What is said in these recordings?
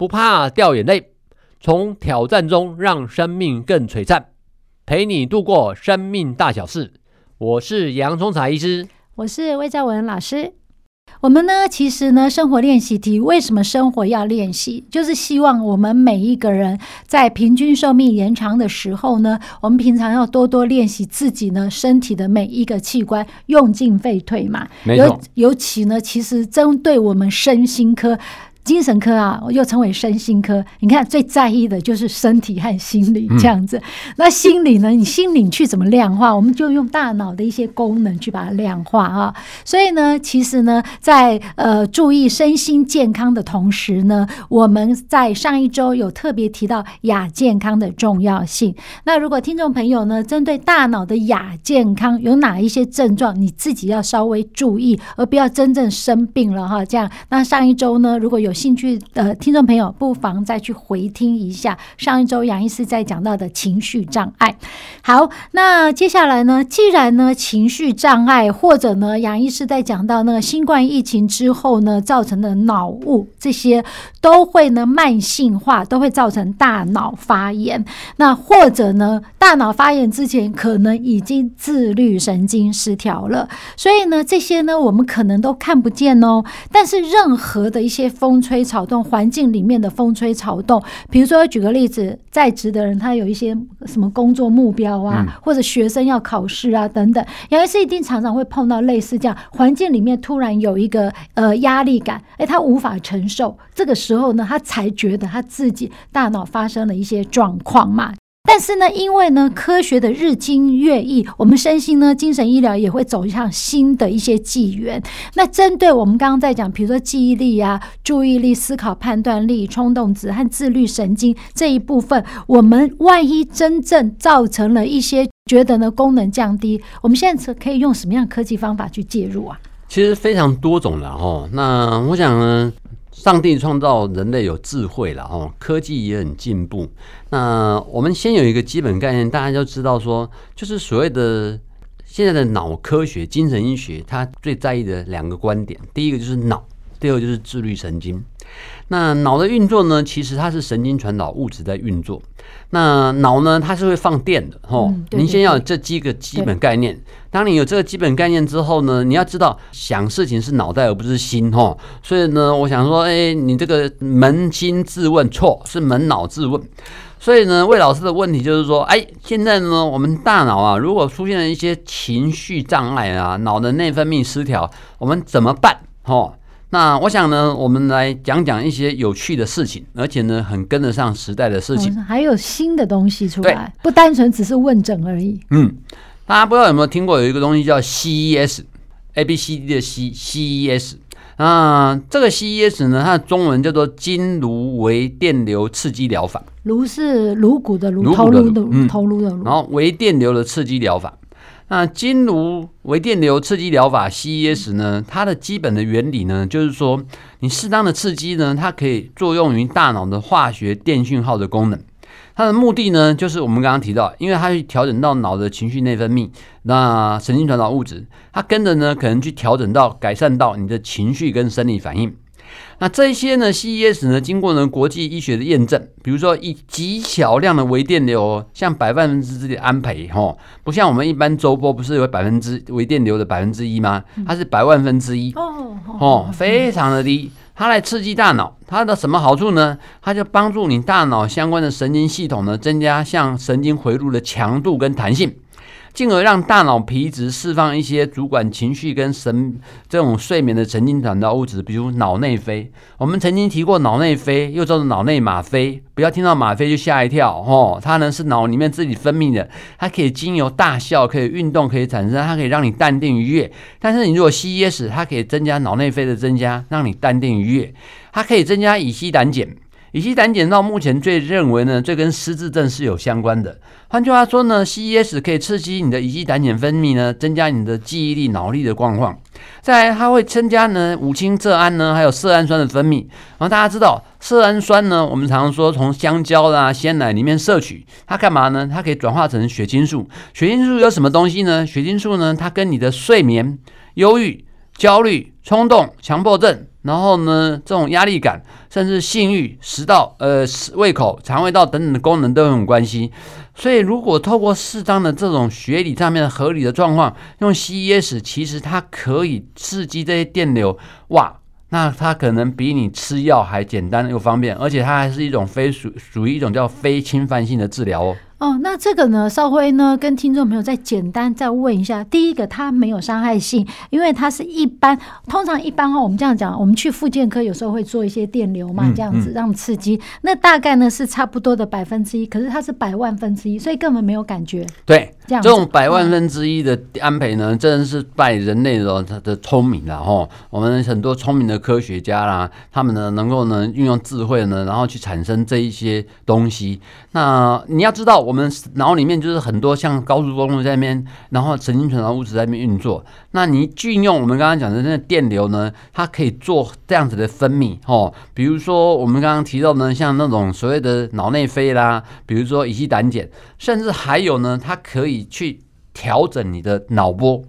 不怕掉眼淚，從挑戰中讓生命更璀璨，陪你度過生命大小事。我是楊聰財醫師，我是魏兆玟老師。我們呢，其實呢，生活練習題，為什麼生活要練習？就是希望我們每一個人在平均壽命延長的時候呢，我們平常要多多練習自己呢身體的每一個器官，用進廢退嘛。沒錯，尤其呢，其實針對我們身心科。精神科啊，又稱為身心科。你看，最在意的就是身體和心理這樣子。嗯、那心理呢？你心理去怎麼量化？我們就用大腦的一些功能去把它量化啊。所以呢，其實呢，在呃注意身心健康的同時呢，我們在上一周有特別提到亞健康的重要性。那如果聽眾朋友呢，針對大腦的亞健康有哪一些症狀，你自己要稍微注意，而不要真正生病了哈。這樣，那上一周呢，如果有。興趣的聽眾朋友，不妨再去回聽一下上一周楊醫師在講到的情緒障礙。好，那接下來呢，既然呢情緒障礙，或者呢楊醫師在講到那個新冠疫情之後呢造成的腦霧，這些都會呢慢性化，都會造成大腦發炎。那或者呢大腦發炎之前，可能已經自律神經失調了。所以呢這些呢我們可能都看不見哦。但是任何的一些風風吹草動，環境裡面的風吹草動。比如說，舉個例子，在職的人他有一些什麼工作目標啊，嗯、或者學生要考試啊等等，因為是一定常常會碰到類似這樣環境裡面突然有一個呃壓力感，誒，他無法承受，這個時候呢，他才覺得他自己大腦發生了一些狀況嘛。但是呢，因為呢，科學的日新月異，我們身心呢，精神醫療也會走向新的一些紀元。那針對我們剛剛在講，比如說記憶力啊、注意力、思考、判斷力、衝動值和自律神經這一部分，我們萬一真正造成了一些覺得呢功能降低，我們現在可以用什麼樣科技方法去介入啊？其實非常多種的哦。那我想呢。上帝創造人類有智慧了哦，科技也很進步。那我們先有一個基本概念，大家就知道說，就是所謂的現在的腦科學、精神醫學，它最在意的兩個觀點，第一個就是腦。第二就是自律神經。那腦的運作呢？其實它是神經傳導物質在運作。那腦呢？它是會放電的吼、哦嗯，您先要有這幾個基本概念。當你有這個基本概念之後呢，你要知道想事情是腦袋而不是心吼、哦，所以呢，我想說，哎，你這個捫心自問錯，是捫腦自問。所以呢，魏老師的問題就是說，哎，現在呢，我們大腦啊，如果出現了一些情緒障礙啊，腦的內分泌失調，我們怎麼辦？吼、哦！那我想呢，我們來講講一些有趣的事情，而且呢，很跟得上時代的事情，哦、還有新的東西出來，不單純只是問診而已。嗯，大家不知道有沒有聽過有一個東西叫 CES，A B C D 的 C，CES 啊，這個 CES 呢，它的中文叫做經顱微電流刺激療法，顱是顱骨的顱，頭顱的頭顱、嗯、的顱，然後微電流的刺激療法。那經顱微電流刺激療法 （CES） 呢？它的基本的原理呢，就是說你適當的刺激呢，它可以作用於大腦的化學電訊號的功能。它的目的呢，就是我們剛剛提到，因為它去調整到腦的情緒內分泌，那神經傳導物質，它跟着呢可能去調整到改善到你的情緒跟生理反應。那這些呢，CES 呢，經過呢國際醫學的驗證，比如說以極小量的微電流，像百萬分之之的安培，齁，不像我們一般周波不是有百分之微電流的百分之一嗎？它是百萬分之一，哦，哦，非常的低。它來刺激大腦，它的什麼好處呢？它就幫助你大腦相關的神經系統呢，增加像神經回路的強度跟彈性。進而讓大腦皮質釋放一些主管情緒跟神這種睡眠的神經傳導物質，比如腦內啡。我們曾經提過腦內啡，又叫做腦內嗎啡，不要聽到嗎啡就嚇一跳哦，它呢是腦裡面自己分泌的，它可以經由大笑，可以運動，可以產生，它可以讓你淡定愉悅。但是你如果吸煙時，它可以增加腦內啡的增加，讓你淡定愉悅。它可以增加乙醯膽鹼。乙醯膽鹼到目前最認為呢，這跟失智症是有相關的。換句話說呢，CES 可以刺激你的乙醯膽鹼分泌呢，增加你的記憶力、腦力的狀況。再來，它會增加呢五羥色胺呢，還有色氨酸的分泌。然後大家知道色氨酸呢，我們常說從香蕉啦、鮮奶裡面攝取，它幹嘛呢？它可以轉化成血清素。血清素有什麼東西呢？血清素呢，它跟你的睡眠、憂鬱、焦慮、衝動、強迫症，然後呢這種壓力感。甚至性慾、食道、呃、胃口、腸胃道等等的功能都有關係，所以如果透過適當的這種學理上面的合理的狀況，用 CES 其實它可以刺激這些電流，哇，那它可能比你吃藥還簡單又方便，而且它還是一種非屬屬於一種叫非侵犯性的治療哦。哦，那這個呢，稍微呢，跟聽眾朋友再簡單再問一下。第一個，它沒有傷害性，因為它是一般，通常一般哦。我們這樣講，我們去復健科有時候會做一些電流嘛，嗯、這樣子讓刺激、嗯。那大概呢是差不多的百分之一，可是它是百萬分之一，所以根本沒有感覺。對，這樣這種百萬分之一的安培呢，嗯、真的是拜人類的他的聰明了哈。我們很多聰明的科學家啦，他們呢能夠呢運用智慧呢，然後去產生這一些東西。那你要知道。我們腦裡面就是很多像高速公路在那邊，然後神經傳導物質在那邊運作。那你運用我們剛剛講的那個電流呢，它可以做這樣子的分泌哦，比如說我們剛剛提到的像那種所謂的腦內啡啦，比如說乙醯膽鹼，甚至還有呢，它可以去調整你的腦波。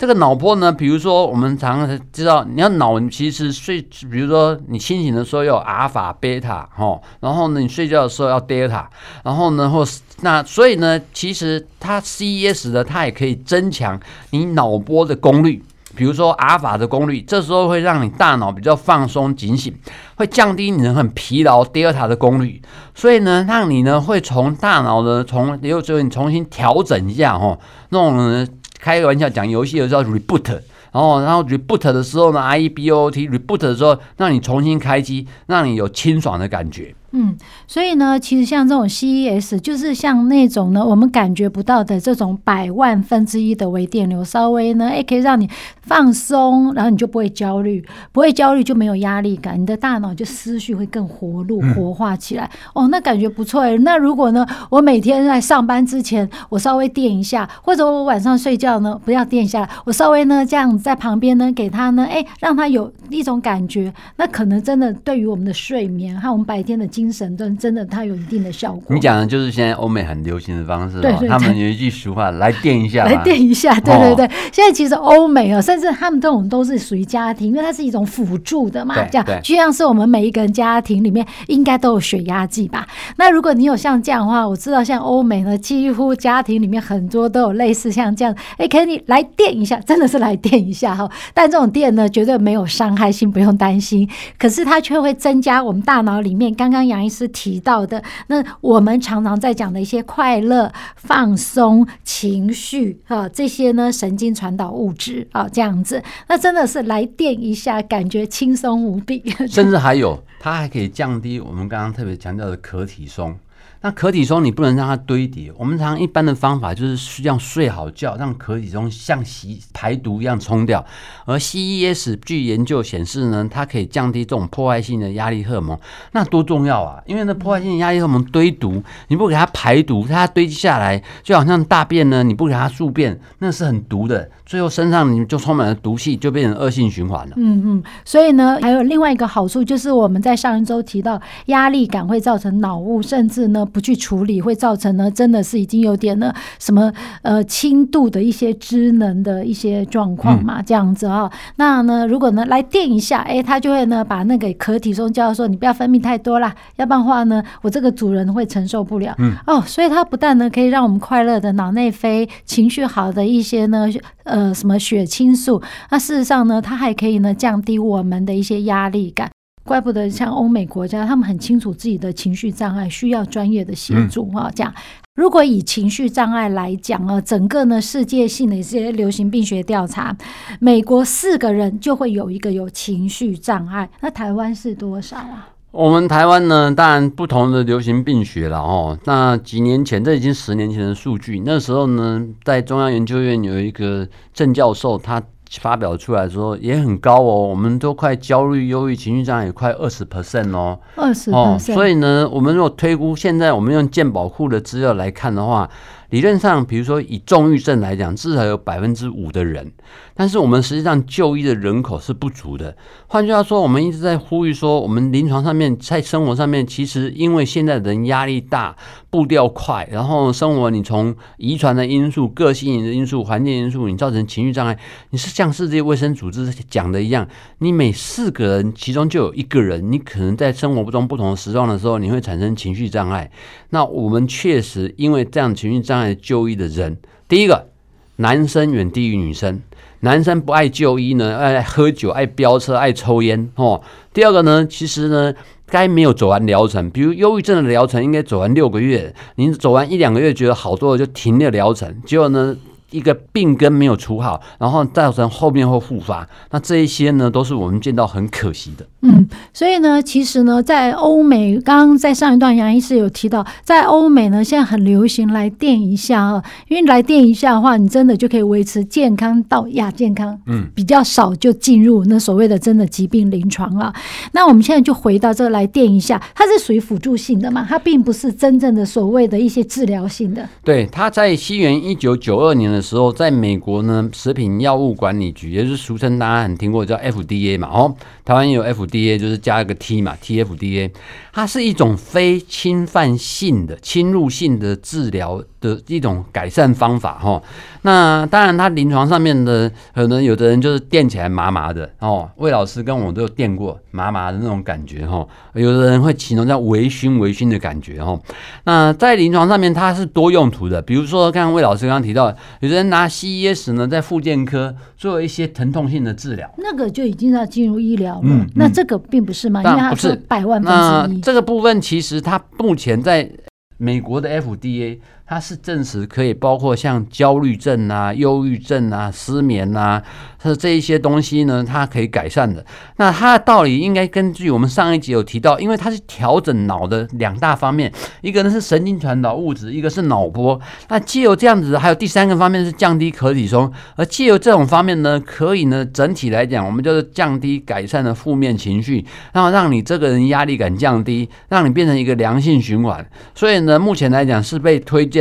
這個腦波呢，比如說我們常常知道，你要腦其實睡，比如說你清醒的時候要阿爾法、貝塔，吼，然後呢你睡覺的時候要德爾塔，然後呢或那所以呢，其實它 CES 的它也可以增強你腦波的功率，比如說阿爾法的功率，這時候會讓你大腦比較放鬆、警醒，會降低你很疲勞德爾塔的功率，所以呢讓你呢會從大腦的從也就你重新調整一下，吼，那我們。開個玩笑，講遊戲的時候叫 reboot，然後，哦，然後 reboot 的時候呢，i e b o t，reboot 的時候讓你重新開機，讓你有清爽的感覺。嗯，所以呢，其實像這種 CES，就是像那種呢，我們感覺不到的這種百萬分之一的微電流，稍微呢，哎、欸，可以讓你放鬆，然後你就不會焦慮，不會焦慮就沒有壓力感，你的大腦就思緒會更活絡、活化起來、嗯。哦，那感覺不錯哎、欸。那如果呢，我每天在上班之前，我稍微電一下，或者我晚上睡覺呢，不要電一下來，我稍微呢這樣在旁邊呢給他呢，哎、欸，讓他有一種感覺，那可能真的對於我們的睡眠和我們白天的。精神真的它有一定的效果。你講的就是現在歐美很流行的方式，對，對，他們有一句俗話，來電一下，來電一下，對對對，對。現在其實歐美啊，甚至他們這種都是屬於家庭，因為它是一種輔助的嘛，這樣就像是我們每一個人家庭裡面應該都有血壓計吧？那如果你有像這樣的話，我知道像歐美呢，幾乎家庭裡面很多都有類似像這樣，哎，可以你來電一下，真的是來電一下哈。但這種電呢，絕對沒有傷害性，不用擔心。可是它卻會增加我們大腦裡面剛剛。楊醫師提到的，那我們常常在講的一些快樂、放鬆、情緒啊，這些呢，神經傳導物質啊，這樣子，那真的是來電一下，感覺輕鬆無比，甚至還有，它還可以降低我們剛剛特別強調的可體松。那可體松你不能讓它堆疊，我們常一般的方法就是需要睡好覺，讓可體松像洗排毒一樣沖掉。而 C E S 據研究顯示呢，它可以降低這種破壞性的壓力荷爾蒙，那多重要啊！因為那破壞性的壓力荷爾蒙堆毒、嗯，你不給它排毒，它堆積下來就好像大便呢，你不給它宿便，那是很毒的。最後身上你就充滿了毒氣，就變成惡性循環了。嗯嗯，所以呢，還有另外一個好處就是我們在上一周提到，壓力感會造成腦霧，甚至呢，不去處理會造成呢，真的是已經有點呢，什麼呃輕度的一些智能的一些狀況嘛，這樣子啊、哦嗯。那呢，如果呢來電一下，哎、欸，它就會呢把那個可體松叫做說你不要分泌太多啦，要不然的話呢，我這個主人會承受不了。哦、嗯，oh, 所以它不但呢可以讓我們快樂的腦內啡，情緒好的一些呢呃什麼血清素，那事實上呢它還可以呢降低我們的一些壓力感。怪不得像歐美國家，他們很清楚自己的情緒障礙需要專業的協助啊。這樣、嗯、如果以情緒障礙來講啊，整個呢世界性的一些流行病學調查，美國四個人就會有一個有情緒障礙。那台灣是多少啊？我們台灣呢，當然不同的流行病學了哦。那幾年前，這已經十年前的數據，那時候呢，在中央研究院有一個鄭教授，他。發表出來說也很高哦，我們都快焦慮、憂鬱、情緒障礙也快二十 percent 哦，二十哦，所以呢，我們如果推估現在我們用健保庫的資料來看的話，理論上，比如說以重鬱症來講，至少有百分之五的人。但是我們實際上就醫的人口是不足的。換句話說，我們一直在呼籲說，我們臨床上面在生活上面，其實因為現在人壓力大，步調快，然後生活你從遺傳的因素、個性因素、環境因素，你造成情緒障礙。你是像世界衛生組織講的一樣，你每四個人其中就有一個人，你可能在生活中不同時段的時候，你會產生情緒障礙。那我們確實因為這樣情緒障礙就醫的人，第一個男生遠低於女生。男生不愛就醫呢，愛喝酒，愛飆車，愛抽煙，哦，第二個呢，其實呢，該沒有走完療程，比如憂鬱症的療程應該走完六個月，您走完一兩個月覺得好多了就停了療程，結果呢？一個病根沒有處好，然後造成後面會復發，那這一些呢，都是我們見到很可惜的。嗯，所以呢，其實呢，在歐美，剛剛在上一段楊醫師有提到，在歐美呢，現在很流行來電一下啊、喔，因為來電一下的話，你真的就可以維持健康到亞健康，嗯，比較少就進入那所謂的真的疾病臨床了。那我們現在就回到這來電一下，它是屬於輔助性的嘛，它並不是真正的所謂的一些治療性的。對，它在西元一九九二年的。的時候，在美國呢，食品藥物管理局，也就是俗稱大家很聽過叫 FDA 嘛，哦，台灣有 FDA，就是加一個 T 嘛，TFDA，它是一種非侵犯性的、侵入性的治療的一種改善方法，哦，那當然，它臨床上面的，可能有的人就是電起來麻麻的，哦，魏老師跟我都有電過麻麻的那種感覺，哦，有的人會形容叫微醺、微醺的感覺，哦，那在臨床上面，它是多用途的，比如說，剛剛魏老師剛剛提到。只能拿 CES 呢，在復健科做一些疼痛性的治療，那個就已經要進入醫療了，嗯嗯。那這個並不是嗎？是因為它是百萬分之一。那這個部分其實它目前在美國的 FDA。它是證實可以包括像焦慮症啊、憂鬱症啊、失眠啊，它的這一些東西呢，它可以改善的。那它的道理應該根據我們上一集有提到，因為它是調整腦的兩大方面，一個呢是神經傳導物質，一個是腦波。那藉由這樣子，還有第三個方面是降低可體松。而藉由這種方面呢，可以呢整體來講，我們就是降低、改善的負面情緒，然後讓你這個人壓力感降低，讓你變成一個良性循環。所以呢，目前來講是被推薦。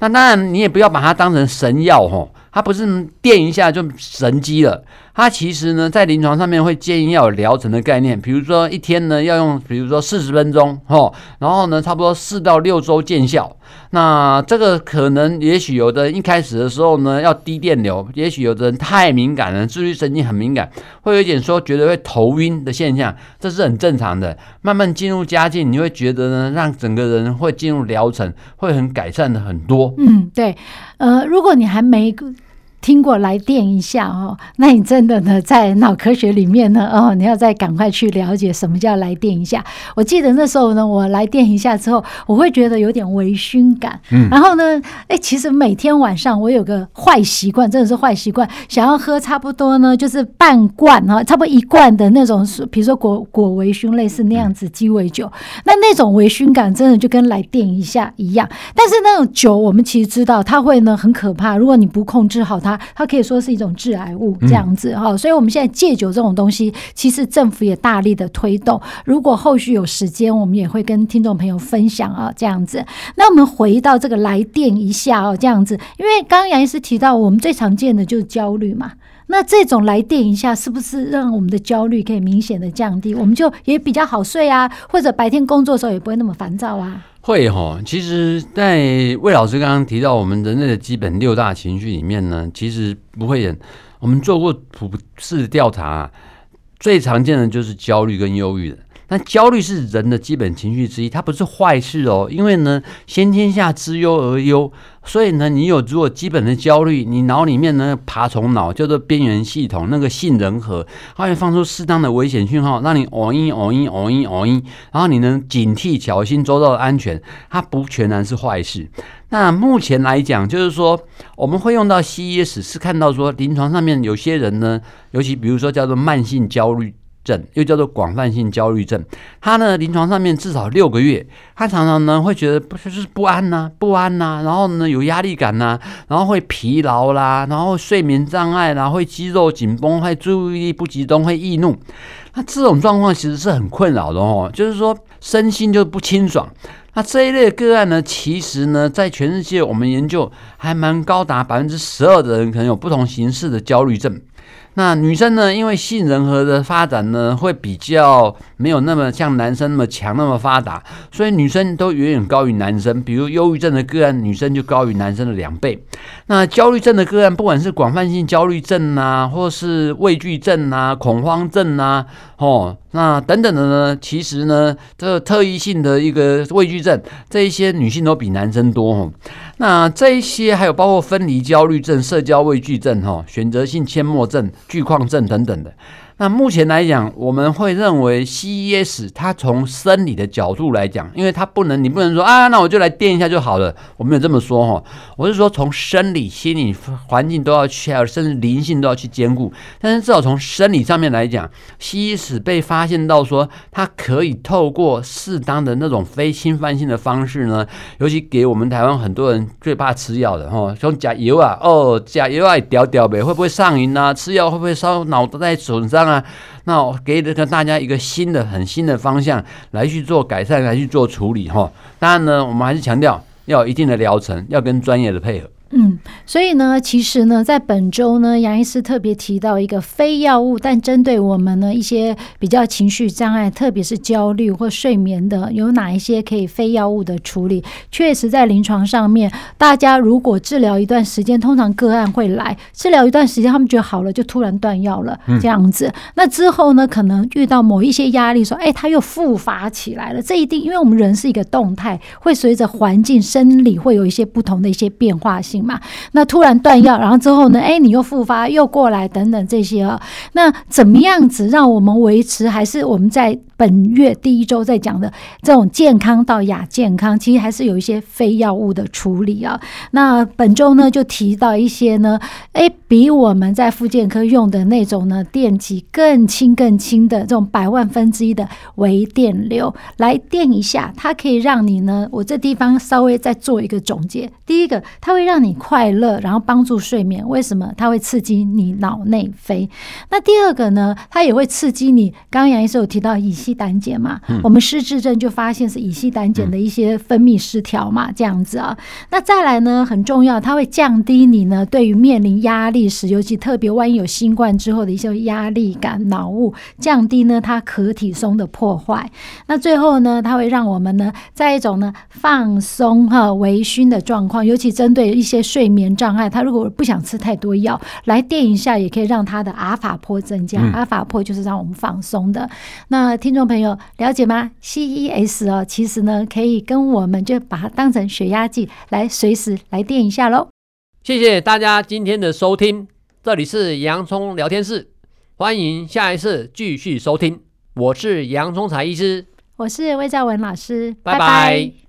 那當然，你也不要把它當成神藥吼，它不是電一下就神機了。它其實呢，在臨床上面會建議要有療程的概念，比如說一天呢要用，比如說四十分鐘，哦，然後呢差不多四到六周見效。那這個可能也許有的人一開始的時候呢要低電流，也許有的人太敏感了，自律神經很敏感，會有一點說覺得會頭暈的現象，這是很正常的。慢慢進入佳境，你會覺得呢，讓整個人會進入療程，會很改善的很多。嗯，對，呃，如果你還沒。聽過來電一下哦，那你真的呢，在腦科學裡面呢哦，你要再趕快去了解什麼叫來電一下。我記得那時候呢，我來電一下之後，我會覺得有點微醺感。嗯，然後呢，哎，其實每天晚上我有個壞習慣，真的是壞習慣，想要喝差不多呢，就是半罐哈，差不多一罐的那種，比如說果果微醺類似那樣子雞尾酒。那那種微醺感真的就跟來電一下一樣，但是那種酒我們其實知道它會呢很可怕，如果你不控制好它。它可以說是一種致癌物，這樣子哈、嗯，所以我們現在戒酒這種東西，其實政府也大力的推動。如果後續有時間，我們也會跟聽眾朋友分享啊這樣子。那我們回到這個來電一下哦，這樣子，因為剛剛楊醫師提到，我們最常見的就是焦慮嘛。那這種來電一下，是不是讓我們的焦慮可以明顯的降低？我們就也比較好睡啊，或者白天工作的時候也不會那麼煩躁啊。會吼，其實，在魏老師剛剛提到我們人類的基本六大情緒裡面呢，其實不會，我們做過普世調查，最常見的就是焦慮跟憂鬱的。那焦慮是人的基本情緒之一，它不是壞事哦。因為呢，先天下之憂而憂，所以呢，你有如果基本的焦慮，你腦裡面呢爬蟲腦叫做邊緣系統那個杏仁核，它會放出適當的危險訊號，讓你哦音哦音哦音哦音，然後你能警惕、小心、周遭的安全，它不全然是壞事。那目前來講，就是說我們會用到 CES，是看到說臨床上面有些人呢，尤其比如說叫做慢性焦慮症又叫做廣泛性焦慮症，他呢臨床上面至少六個月，他常常呢會覺得不就是不安吶、啊，不安吶、啊，然後呢有壓力感吶、啊，然後會疲勞啦，然後睡眠障礙啦，會肌肉緊繃，會注意力不集中，會易怒。那這種狀況其實是很困擾的哦，就是說身心就不清爽。那這一類的個案呢，其實呢在全世界我們研究還蠻高達百分之十二的人可能有不同形式的焦慮症。那女生呢？因為杏仁核的發展呢，會比較沒有那麼像男生那麼強、那麼發達，所以女生都遠遠高於男生。比如憂鬱症的個案，女生就高於男生的兩倍。那焦慮症的個案，不管是廣泛性焦慮症啊，或是畏懼症啊、恐慌症啊，吼、哦。那等等的呢？其實呢，這個特異性的一個畏懼症，這一些女性都比男生多吼。那這一些還有包括分離焦慮症、社交畏懼症、哈、選擇性緘默症、懼曠症等等的。那目前來講，我們會認為 CES 它從生理的角度來講，因為它不能，你不能說啊，那我就來電一下就好了。我沒有這麼說哈、哦，我是說從生理、心理、環境都要去，甚至靈性都要去兼顧。但是至少從生理上面來講，CES 被發現到說它可以透過適當的那種非侵犯性的方式呢，尤其給我們台灣很多人最怕吃藥的哈，像甲油啊、哦甲油啊屌屌唄，會不會上癮啊？吃藥會不會燒腦袋在損傷？那那我給了大家一個新的很新的方向來去做改善，來去做處理哈。當然呢，我們還是強調要有一定的療程，要跟專業的配合。嗯，所以呢，其實呢，在本周呢，楊醫師特別提到一個非藥物，但針對我們呢一些比較情緒障礙，特別是焦慮或睡眠的，有哪一些可以非藥物的處理？確實，在臨床上面，大家如果治療一段時間，通常個案會來治療一段時間，他們覺得好了，就突然斷藥了、嗯，這樣子。那之後呢，可能遇到某一些壓力，說，哎、欸，他又復發起來了。這一定，因為我們人是一個動態，會隨着環境、生理會有一些不同的一些變化性。嘛，那突然斷藥，然後之後呢，哎，你又復發，又過來，等等這些啊、哦，那怎麼樣子讓我們維持？還是我們在本月第一周在講的這種健康到亞健康，其實還是有一些非藥物的處理啊。那本周呢，就提到一些呢，哎，比我們在復健科用的那種呢電極更輕、更輕的這種百萬分之一的微電流，來電一下，它可以讓你呢，我這地方稍微再做一個總結。第一個，它會讓你快樂，然後幫助睡眠。為什麼？它會刺激你腦內啡。那第二個呢，它也會刺激你。剛剛楊醫師有提到以。膽鹼嘛，我們失智症就發現是乙醯膽鹼的一些分泌失調嘛，這樣子啊。那再來呢，很重要，它會降低你呢對於面臨壓力時，尤其特別萬一有新冠之後的一些壓力感、腦霧，降低呢它可體松的破壞。那最後呢，它會讓我們呢在一種呢放鬆和微醺的狀況，尤其針對一些睡眠障礙，它如果不想吃太多藥來電一下，也可以讓它的阿法波增加。阿法波就是讓我們放鬆的。那聽。觀眾朋友了解嗎？CES 哦，其實呢，可以跟我們就把它當成血壓計來隨時來電一下嘍。謝謝大家今天的收聽，這裡是洋蔥聊天室，歡迎下一次繼續收聽。我是楊聰財醫師，我是魏兆玟老師，拜拜。拜拜